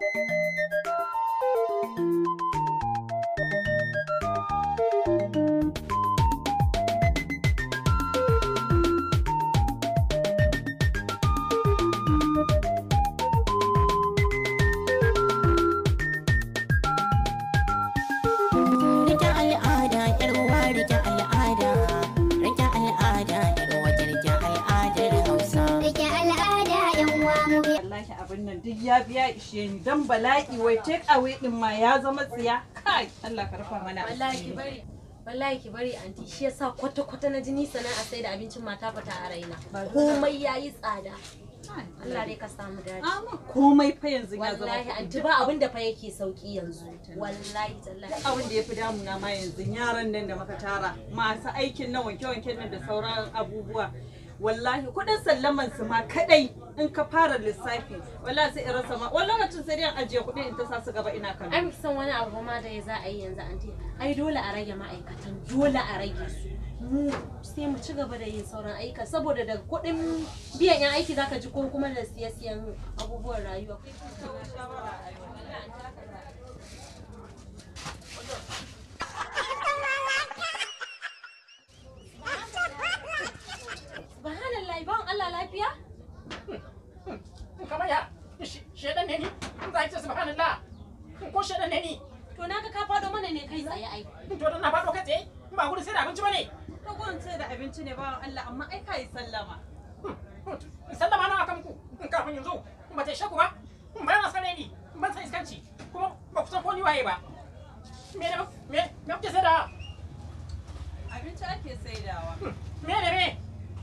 Thank you. ya biya ishe ni dan bala'i wai take away din ma ya zama tsiya kai Allah ka rufa mana wallahi bari wallahi ki bari anti shi yasa kwata kwata na jini a sai da abincin mata fata a raina komai yayi tsada Allah dai ka samu dace komai fa yanzu ya zama wallahi anti ba abin da fa yake sauki yanzu wallahi tallahi abin da yafi na ma yanzu yaran nan da muka tara masu aikin nan wanke wanke nan da sauran abubuwa wallahi kuɗin sallaman su ma kadai in ka fara lissafi wallahi sai irin sama ma wani sai dai ajiye kuɗi in ta sa su gaba ina kan ai san wani abu ma da za a yi yanzu anti ai dole a rage ma'aikatan dole a rage su mu sai mu ci gaba da yin sauran aika saboda daga kudin biyan yan aiki zaka ji ko kuma da siya abubuwan rayuwa subhanallah ko shaɗan ne ni to na ka faɗo mana ne kai tsaye ai to dan na faɗo kai tsaye ba gurin sai da abinci bane to gurin sai da abinci ne ba Allah amma ai kai sallama hmm, hmm. sallama na akan ku kafin yanzu ba ta shaku ba ba na sare ni ban san iskanci kuma ba ku san ko ni waye ba me ne me me kuke saida abinci ake saidawa hmm, me ne me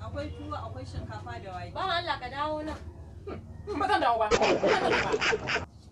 akwai tuwo akwai shinkafa da wake ba Allah ka dawo nan ba zan dawo ba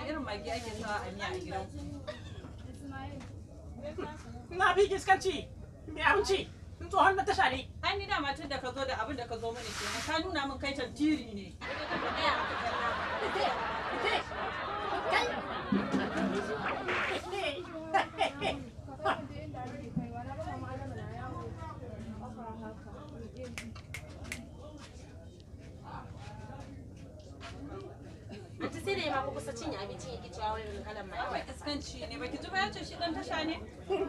wani irin magi ake sawa a miya a gidan ku. Ina bi giskanci, mai abinci, in tsohon na tasha ne. Ai ni da matar da ka zo da abin da ka zo mana kenan, ka nuna min kai tantiri ne. ku kusa cinye abincin yake cewa wani rinkalan mai. Kawai iskanci ne baki ji ya ce shi dan tasha ne?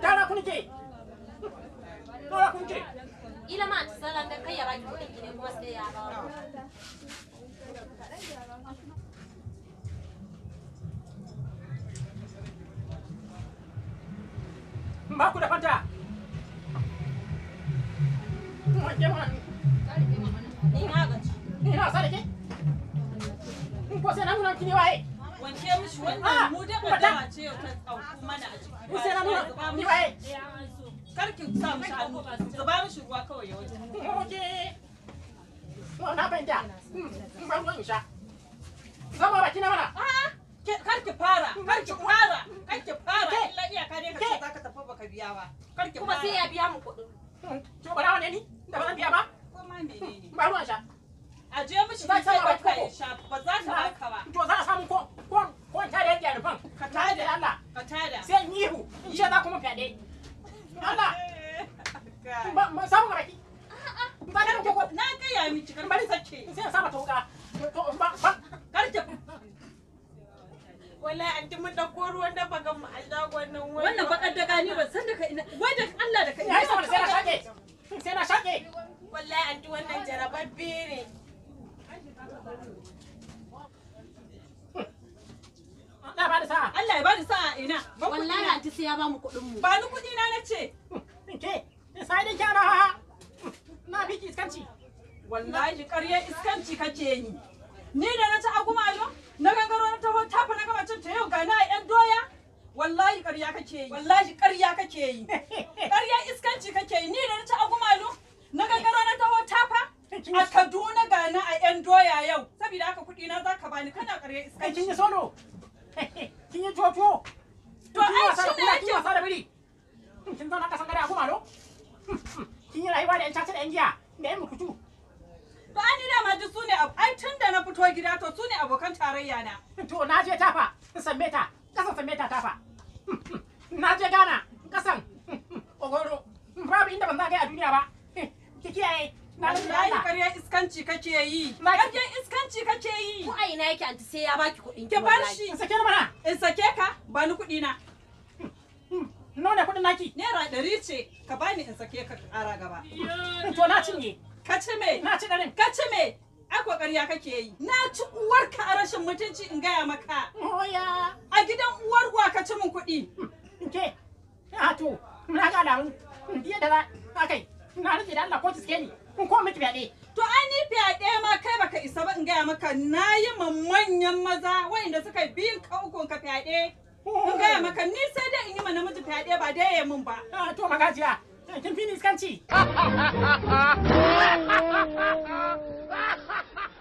Tara kun ke. Tara kun ke. Ila ma ta salan da kai ya baki kuɗin ki ne kuma sai ya ba. Ba ku da fanta. Ni na gaji. Ni na sarki. Ko sai na nuna kini waye. wanke mishi wannan ah, mu da dawa ce ta tsauku mana a ciki usai na zuba mishi kar ki sa mishi hannu zuba mishi ruwa kawai ya wuce oke to na ban da hmm, in ban ruwan sha zama baki na mana ah, kar ki fara kar ki fara kar ki fara illa iyaka ne ka ce zaka tafi baka biya ba kar ki kuma sai ya biya mu kuɗin ki hmm, ba rawa ne ni da ba biya ba ko ma menene ba ruwan sha a je mishi ba ta ba ka sha ba za ta baka ba to za a samu ko ko ta da yake rufan ka ta da Allah ka ta da sai in ihu in ce za kuma fyaɗe Allah ba samu maraki ba da ko na ga ya mi cikar bari sace sai in sa mata wuka to ba ba karje wallahi an mun dauko ruwan da bagan mu Allah, shagon nan wannan bakar da gani ba san da ka ina wai da Allah da ka ina sai na shake sai na shake wallahi an wannan jarabar bere zan sa ina wallahi anti sai ya bamu kuɗin mu ba ni kuɗi na ce. ke sai da kyara ha na biki iskanci wallahi ƙarya iskanci kake yi ni da na ta agumajo na gangaro na taho tafa na gaba ta yau ga na ƴan doya wallahi ƙarya kake yi wallahi ƙarya kake yi ƙarya iskanci kake yi ni da na ta agumajo na gangaro na taho tafa a Kaduna ga na a ƴan doya yau Sabida haka kuɗi na ka bani kana ƙarya iskanci kin yi solo kin yi toto wasa da biri kin zauna kin yi rayuwa da yan caca da yan giya da yan mukutu tun da na fito gida to su abokan tarayya hmm, to na je tafa kasan tafa hmm, hmm. na je gana kasan ogoro babu inda ban zagaya a duniya ba ki kiyaye Wallahi ƙarya iskanci kake yi. Ƙarya iskanci kake yi. Ko a ina yake anti sai ya baki kuɗin shi. In sake ka ba kuɗi na. Hm, hm, nawa ne kuɗin naki? ɗari ce ka bani in sake ka ƙara gaba. To na me? Na ci yi. Na ci a rashin mutunci in gaya maka. A gidan ka ci min kuɗi. Hm, a to. Na ga da Na Allah ko tiske ni. kun miki fyaɗe. To ai ni fyaɗe ma kai baka isa ba in gaya maka na yi ma manyan maza wayanda suka biyun ka ka fyaɗe. In gaya maka ni sai dai in yi ma namiji fyaɗe ba dai ya mun ba. Ah, to magajiya eh, kin fi ni iskanci.